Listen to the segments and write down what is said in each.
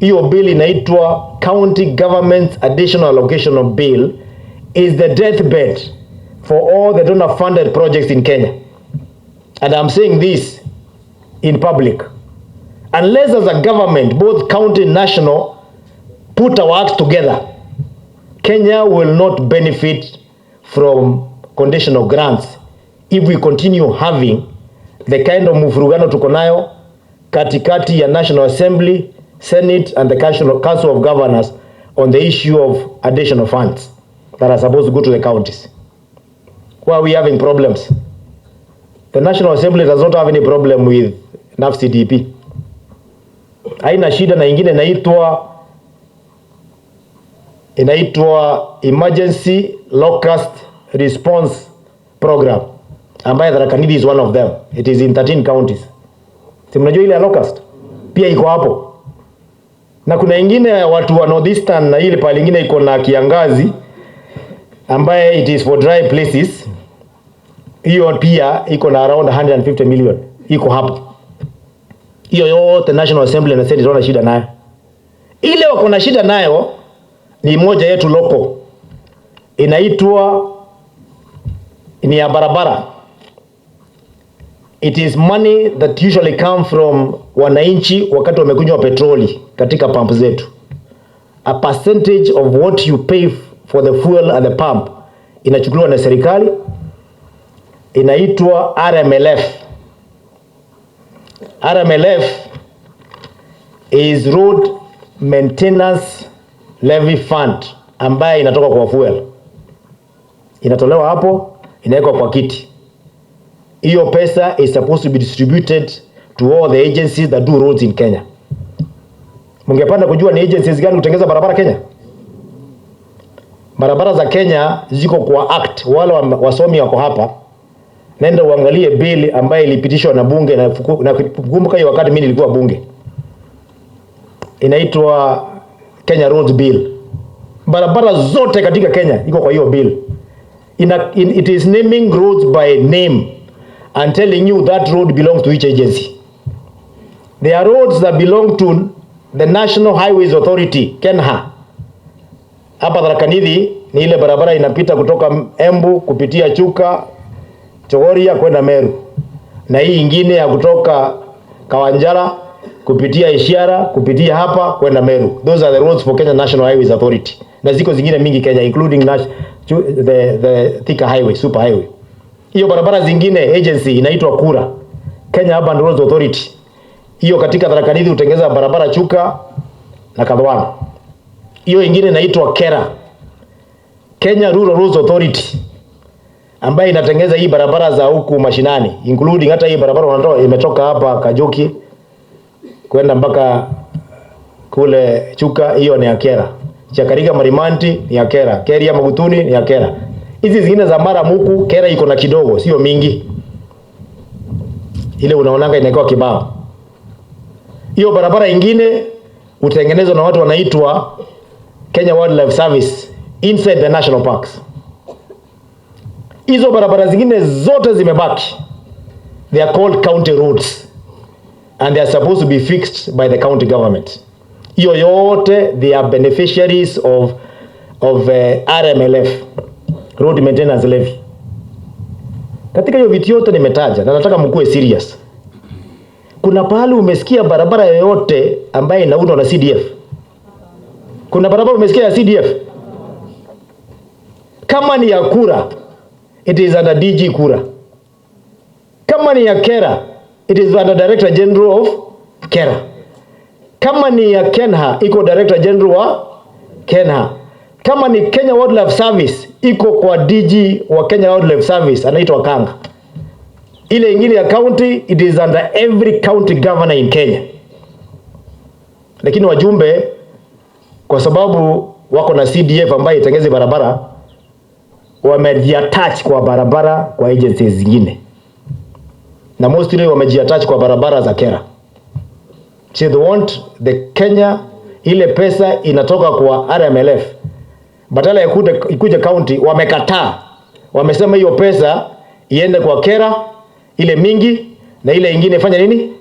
hiyo bill inaitwa County Government's Additional Allocation Bill is the deathbed for all the donor funded projects in Kenya and I'm saying this in public unless as a government both county and national put our acts together Kenya will not benefit from conditional grants if we continue having the kind of mvurugano tuko nayo katikati ya National Assembly Senate and the Council of Governors on the issue of additional funds that are supposed to go to the counties. Why are we having problems? The National Assembly does not have any problem with NAFCDP. Haina shida na ingine inaitwa inaitwa Emergency Locust Response Program ambayo Tharaka Nithi is one of them. It is in 13 counties. Si mnajua ile locust? Pia iko hapo na kuna ingine watu wa northeastern na ile pale ingine iko na kiangazi ambaye it is for dry places. Hiyo pia iko na around 150 million iko hapo. Hiyo yote National Assembly na Senate wana shida nayo. Ile wako na shida nayo ni moja yetu loko inaitwa ni ya barabara It is money that usually come from wananchi wakati wamekunywa petroli katika pump zetu. A percentage of what you pay for the fuel at the pump inachukuliwa na serikali, inaitwa RMLF. RMLF is Road Maintenance Levy Fund ambaye inatoka kwa fuel, inatolewa hapo, inawekwa kwa kiti hiyo pesa is supposed to be distributed to all the agencies that do roads in Kenya. Mungependa kujua ni agencies gani kutengeza barabara Kenya? Barabara za Kenya ziko kwa act. Wale wasomi wako hapa, nenda uangalie bill ambayo ilipitishwa na bunge na kumbuka hiyo wakati mimi nilikuwa bunge, inaitwa Kenya Roads Bill. Barabara zote katika Kenya iko kwa hiyo bill. Ina, in, it is naming roads by name and telling you that road belongs to each agency. There are roads that belong to the National Highways Authority, KENHA. Hapa Tharaka-Nithi ni ile barabara inapita kutoka Embu kupitia Chuka, Chogoria kwenda Meru, na hii ingine ya kutoka Kawanjara kupitia Ishiara kupitia hapa kwenda Meru. Those are the roads for Kenya National Highways Authority, na ziko zingine mingi Kenya including the, the, the Thika Highway, Super Highway hiyo barabara zingine agency inaitwa Kura Kenya Urban Roads Authority, hiyo katika Tharaka-Nithi utengeza barabara Chuka na Kadhwana. Hiyo ingine inaitwa Kera Kenya Rural Roads Authority ambayo inatengeza hii barabara za huku mashinani including hata hii barabara wanatoa imetoka hapa Kajoki kwenda mpaka kule Chuka, hiyo ni ya Kera. Chakariga Marimanti ni ya Kera. Keria Magutuni ni ya Kera. Hizi zingine za mara muku kera iko na kidogo, sio mingi. Ile unaonanga inakuwa kibao. Hiyo barabara ingine utengenezwa na watu wanaitwa Kenya Wildlife Service inside the national parks. Hizo barabara zingine zote zimebaki. They are called county roads and they are supposed to be fixed by the county government. Hiyo yote they are beneficiaries of, of uh, eh, RMLF road maintenance levy. Katika hiyo vitu yote nimetaja na nataka mkuwe serious. Kuna pahali umesikia barabara yoyote ambayo inaundwa na CDF? Kuna barabara umesikia ya CDF? Kama ni ya Kura, it is under DG Kura. Kama ni ya Kera, it is under Director General of Kera. Kama ni ya Kenha, iko Director General wa Kenha kama ni Kenya Wildlife Service iko kwa DG wa Kenya Wildlife Service anaitwa Kanga. Ile ingine ya county it is under every county governor in Kenya, lakini wajumbe kwa sababu wako na CDF ambayo itengeze barabara wamejiattach kwa barabara kwa agencies zingine, na mostly wamejiattach kwa barabara za Kera. She want the Kenya, ile pesa inatoka kwa RMLF badala ya kuja ikuja county wamekataa, wamesema hiyo pesa iende kwa kera ile mingi na ile ingine ifanye nini,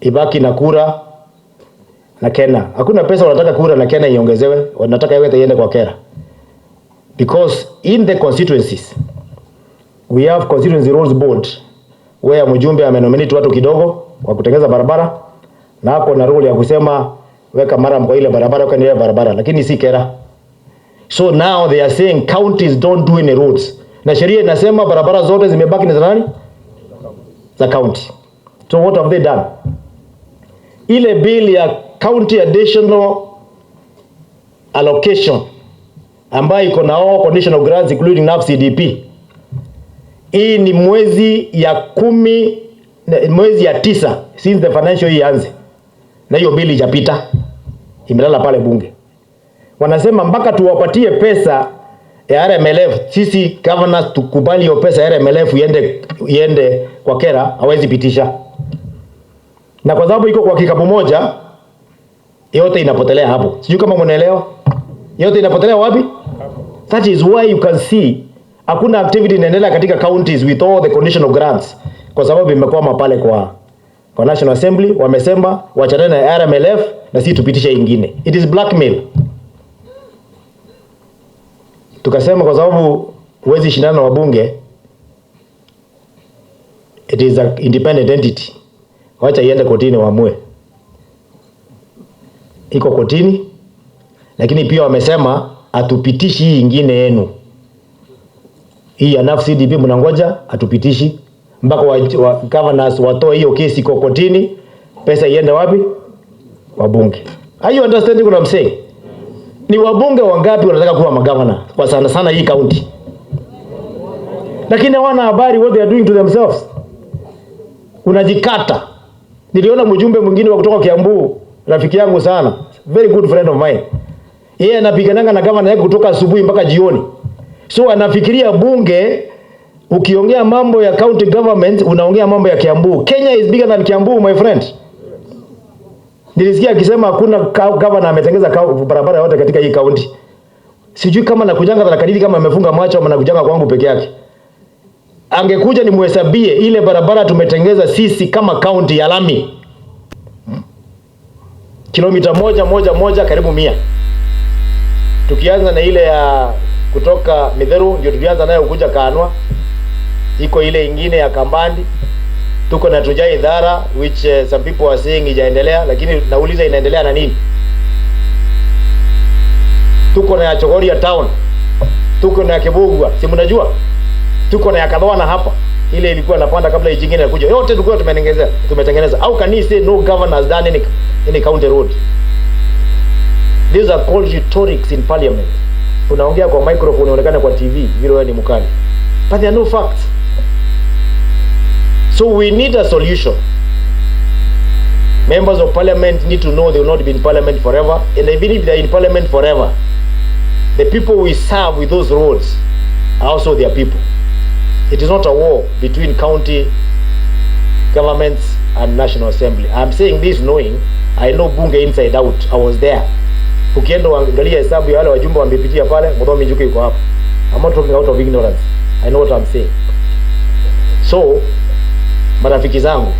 ibaki na kura na kena. Hakuna pesa wanataka kura na kena iongezewe, wanataka yote iende kwa kera because in the constituencies we have constituency rules board where mjumbe amenominate watu kidogo kwa kutengeneza barabara na ako na role ya kusema weka Maram kwa ile barabara, weka ile barabara, lakini si Kera. So now they are saying counties don't do any roads, na sheria inasema barabara zote zimebaki ni za nani? Za county. So what have they done? Ile bill ya county additional allocation ambayo iko na all conditional grants including NAFS CDP. Hii ni mwezi ya kumi mwezi ya tisa since the financial year anze, na hiyo bili ijapita imelala pale bunge. Wanasema mpaka tuwapatie pesa ya RMLF, sisi governors tukubali hiyo pesa ya RMLF iende iende kwa kera, hawezi pitisha. Na kwa sababu iko kwa kikapu moja, yote inapotelea hapo. Sijui kama mnaelewa. Yote inapotelea wapi? That is why you can see hakuna activity inaendelea katika counties with all the conditional grants kwa sababu imekwama pale kwa kwa National Assembly, wamesema wachane na RMLF na sisi tupitishe ingine. It is blackmail. Tukasema kwa sababu huwezi shindana na wabunge, it is a independent entity, wacha iende kotini waamue. Iko kotini, lakini pia wamesema atupitishi hii ingine yenu hii ya nafsi DP mnangoja, atupitishi mpaka wa, wa, governors watoe hiyo kesi kokotini, kotini, pesa iende wapi? wabunge. Are you understanding what I'm saying? Ni wabunge wangapi wanataka kuwa magavana kwa sana sana hii kaunti, lakini hawana habari what they are doing to themselves. Unajikata. Niliona mjumbe mwingine wa kutoka Kiambu, rafiki yangu sana, very good friend of mine. Yeye anapigananga na gavana yake kutoka asubuhi mpaka jioni, so anafikiria bunge Ukiongea mambo ya county government unaongea mambo ya Kiambu. Kenya is bigger than Kiambu, my friend. Nilisikia akisema hakuna gavana ametengeza barabara yote katika hii kaunti. Sijui kama kujanga na kadiri kama amefunga macho ama kujanga kwangu peke yake. Angekuja nimhesabie ile barabara tumetengeza sisi kama kaunti ya lami. Kilomita moja moja moja karibu mia. Tukianza na ile ya kutoka Midheru ndio tulianza nayo kuja Kanwa. Iko ile ingine ya Kambandi tuko na tujai Idhara which uh, some people are saying ijaendelea, lakini nauliza inaendelea na nini? Tuko na ya Chogoria town, tuko na Kibugwa, si mnajua, tuko na ya Kadhwana hapa, ile ilikuwa napanda kabla ijingine inakuja, yote tulikuwa tumetengeneza, tumetengeneza. How can you say no governor has done any, any county road? These are called rhetorics in parliament. Unaongea kwa microphone, unaonekana kwa TV vile wewe ni mkali, but there are no facts. So we need a solution. Members of parliament need to know they will not be in parliament forever. And even if they are in parliament forever, the people we serve with those roles are also their people. It is not a war between county governments and National Assembly. I'm saying this knowing I know bunge inside out. I was there. Ukienda uangalia hesabu ya wale wajumbe wamepitia pale, Mudhomi Njuki yuko I'm not talking out of ignorance. I know what I'm saying. So marafiki zangu,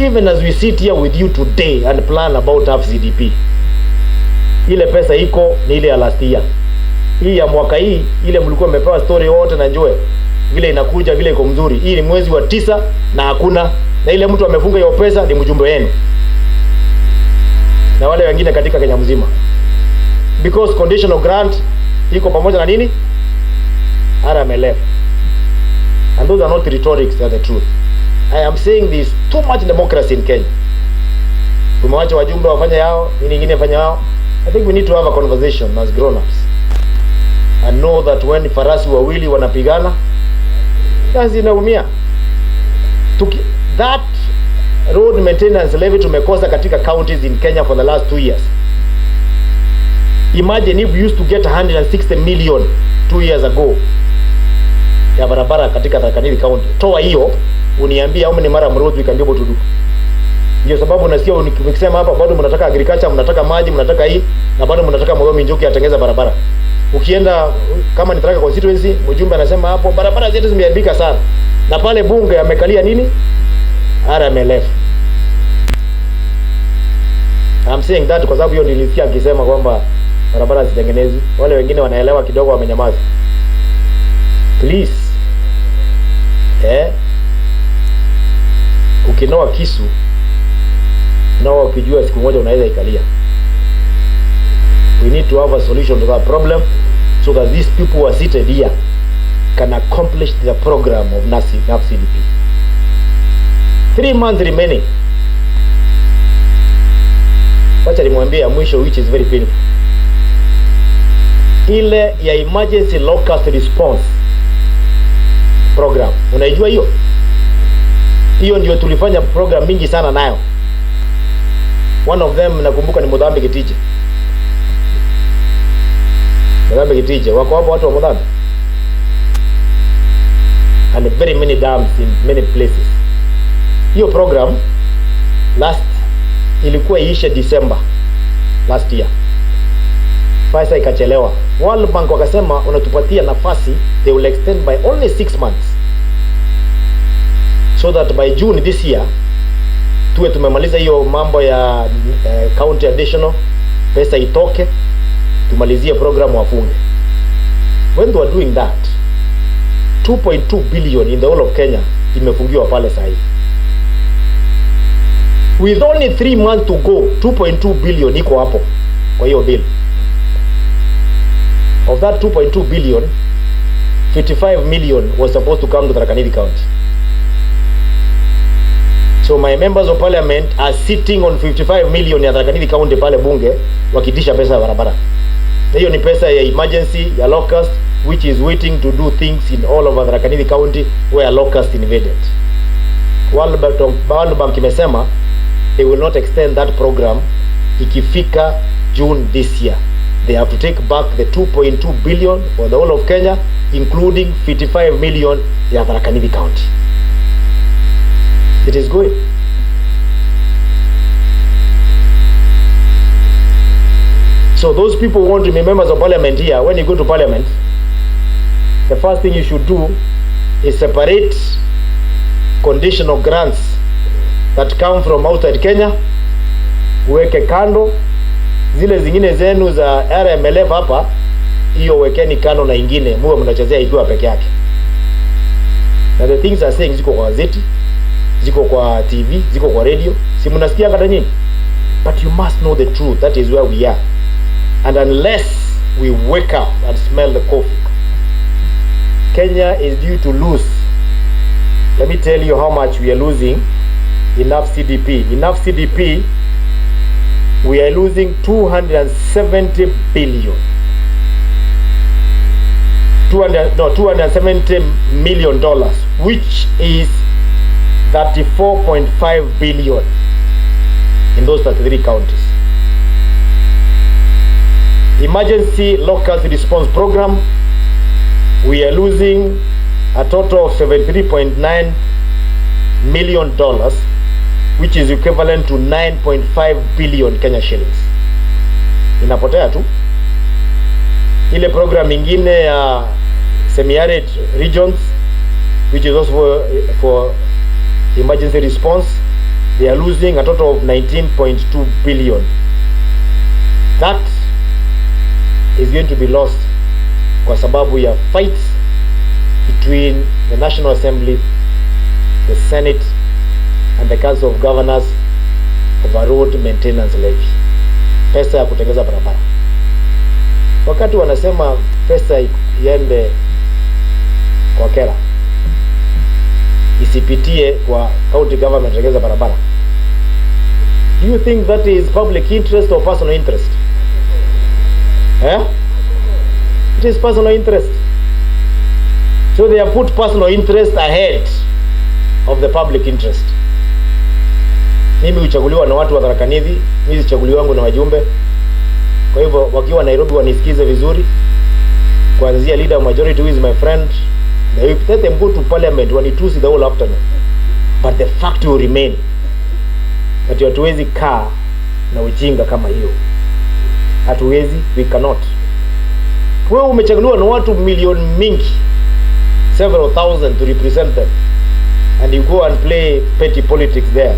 even as we sit here with you today and plan about FCDP, ile pesa iko ni ile ya last year. Hii ya mwaka hii ile mlikuwa mmepewa story wote na njoe vile inakuja vile iko mzuri. Hii ni mwezi wa tisa na hakuna na ile mtu amefunga hiyo pesa ni mjumbe wenu na wale wengine katika Kenya mzima, because conditional grant iko pamoja na nini RMLF, and those are not rhetorics, they are the truth. I am saying this too much democracy in Kenya. Tumewacha wajumbe wafanye yao, nini ingine fanya yao. I think we need to have a conversation as grown-ups. I know that when farasi wawili wanapigana, kazi inaumia. Tuki, that road maintenance levy tumekosa katika counties in Kenya for the last two years. Imagine if we used to get 160 million two years ago ya barabara katika Tharaka Nithi County. Toa hiyo uniambie au ni mara mrozi ikambia can be Ndio sababu nasikia nikisema hapa bado mnataka agriculture, mnataka maji, mnataka hii na bado mnataka Mheshimiwa Njoki atengeza barabara. Ukienda kama ni Tharaka constituency, mjumbe anasema hapo barabara zetu zimeharibika sana. Na pale bunge amekalia nini? RMLF. I'm saying that kwa sababu hiyo nilisikia akisema kwamba barabara zitengenezi. Wale wengine wanaelewa kidogo, wamenyamaza. Please. Eh? ukinoa kisu nao ukijua siku moja unaweza ikalia. We need to have a solution to that problem so that these people who are seated here can accomplish the program of NAPCDP. Three months remaining. Wacha nimwambie ya mwisho which is very painful. Ile ya emergency locust response program. Unaijua hiyo? hiyo ndio tulifanya program mingi sana nayo. One of them nakumbuka ni Mudhambi Kitije. Mudhambi Kitije, wako hapo watu wa Mudhambi? And very many dams in many places. Hiyo program last ilikuwa iishe December last year. Pesa ikachelewa. World Bank wakasema unatupatia nafasi, they will extend by only 6 months so that by June this year tuwe tumemaliza hiyo mambo ya uh, county additional, pesa itoke, tumalizie program wafunge. When they are doing that 2.2 billion in the whole of Kenya imefungiwa pale sasa hivi with only 3 months to go, 2.2 billion iko hapo kwa hiyo bill. Of that 2.2 billion, 55 million was supposed to come to Tharaka Nithi County. So my members of parliament are sitting on 55 million ya Tharaka Nithi County pale bunge wakitisha pesa ya barabara. Hiyo ni pesa ya emergency ya locust which is waiting to do things in all over Tharaka Nithi County where locust invaded. World Bank imesema they will not extend that program ikifika June this year. They have to take back the 2.2 billion for the whole of Kenya including 55 million ya Tharaka Nithi County it is good. So those people who want to be members of parliament here, when you go to parliament, the first thing you should do is separate conditional grants that come from outside Kenya, uweke kando zile zingine zenu za RMLF hapa, hiyo wekeni kando na ingine muwe mnachezea ikiwa peke yake, na the things are saying ziko kwa gazeti ziko kwa TV, ziko kwa radio, si mnasikia hata nyinyi. But you must know the truth, that is where we are. And unless we wake up and smell the coffee, Kenya is due to lose. Let me tell you how much we are losing enough CDP. Enough CDP, we are losing 270 billion. 200, no, 270 million dollars, which is 34.5 billion in those 33 counties. Emergency locals response program, we are losing a total of 73.9 million dollars, which is equivalent to 9.5 billion Kenya shillings. Inapotea tu ile program ingine ya semi-arid regions which is also for, for emergency response, they are losing a total of 19.2 billion. That is going to be lost kwa sababu ya fight between the National Assembly, the Senate and the Council of Governors a road maintenance levy, pesa ya kutengeza barabara. Wakati wanasema pesa iende kwa kera isipitie kwa county government kutengeneza barabara. Do you think that is public interest or personal interest? Eh? It is personal interest. So they have put personal interest ahead of the public interest. Mimi uchaguliwa na watu wa Tharaka Nithi, mimi sichaguliwi wangu na wajumbe. Kwa hivyo wakiwa Nairobi wanisikize vizuri. Kuanzia leader majority who is my friend They let them go to parliament wanitusi the whole afternoon, but the fact will remain that hatuwezi kaa na ujinga kama hiyo, hatuwezi, we cannot. Wewe umechaguliwa na watu milioni mingi, several thousand to represent them and you go and play petty politics there.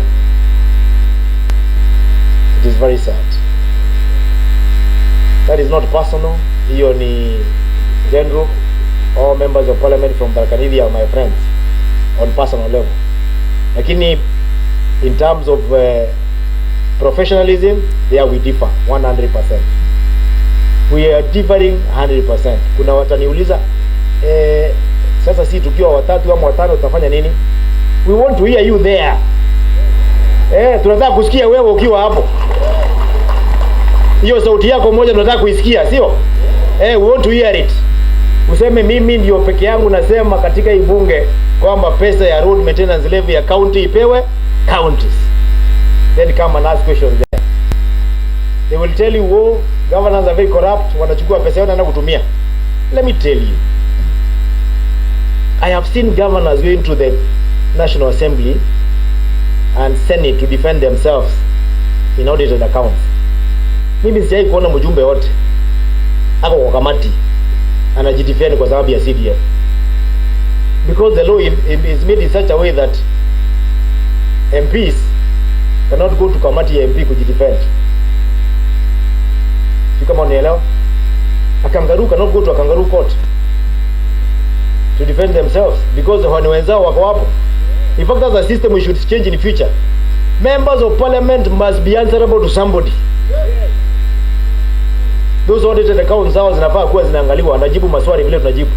It is very sad. That is not personal. Hiyo ni general all members of parliament from Barkanivi are my friends on personal level, lakini in terms of uh, professionalism there we differ 100%. We are differing 100%. Kuna wataniuliza eh, sasa si tukiwa watatu ama watano tutafanya nini? We want to hear you there. Eh, tunataka kusikia wewe ukiwa hapo. Hiyo sauti yako moja tunataka kuisikia, sio? Eh, we want to hear it useme mimi ndio peke yangu nasema katika ibunge kwamba pesa ya road maintenance levy ya county ipewe counties. Then come and ask questions there. They will tell you oh, governors are very corrupt, wanachukua pesa yao na kutumia. Let me tell you. I have seen governors going to the National Assembly and Senate to defend themselves in audited accounts. Mimi sijai kuona mjumbe wote ako kwa kamati anajidefend kwa sababu ya CDF because the law is made in such a way that MPs cannot go to kamati ya MP kujidefend. Si kama unaelewa? A kangaroo cannot go to a kangaroo court to defend themselves because wani wenzao wako hapo. In fact, that's a system we should change in future. Members of parliament must be answerable to somebody those audited accounts zao zinafaa kuwa zinaangaliwa, anajibu maswali vile tunajibu.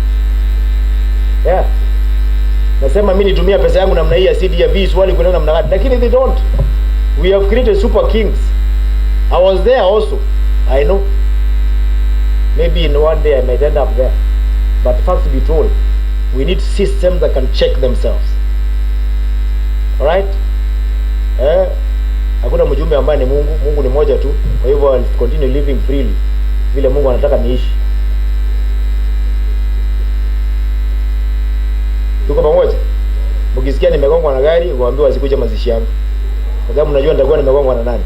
Yeah. Nasema mimi nitumia pesa yangu namna hii ya CD ya CDV swali kwa namna gani? Lakini they don't. We have created super kings. I was there also. I know. Maybe in one day I may end up there. But first be told, we need systems that can check themselves. All right? Eh, hakuna mjumbe ambaye ni Mungu. Mungu ni moja tu. Kwa hivyo I'll continue living freely vile Mungu anataka niishi. Tuko pamoja? Ukisikia nimegongwa na gari, uambiwa wasikuja mazishi yangu, kwa sababu najua nitakuwa nimegongwa na nani.